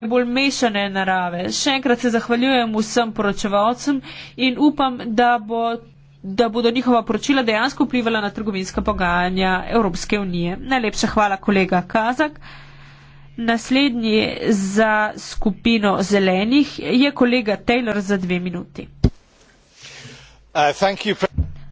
najbolj mešane narave. Še enkrat se zahvaljujem vsem poročevalcem in upam, da, bo, da bodo njihova poročila dejansko vplivala na trgovinska pogajanja Evropske unije. Najlepša hvala, kolega Kazak. Naslednji za skupino zelenih je kolega Taylor za dve minuti. Uh,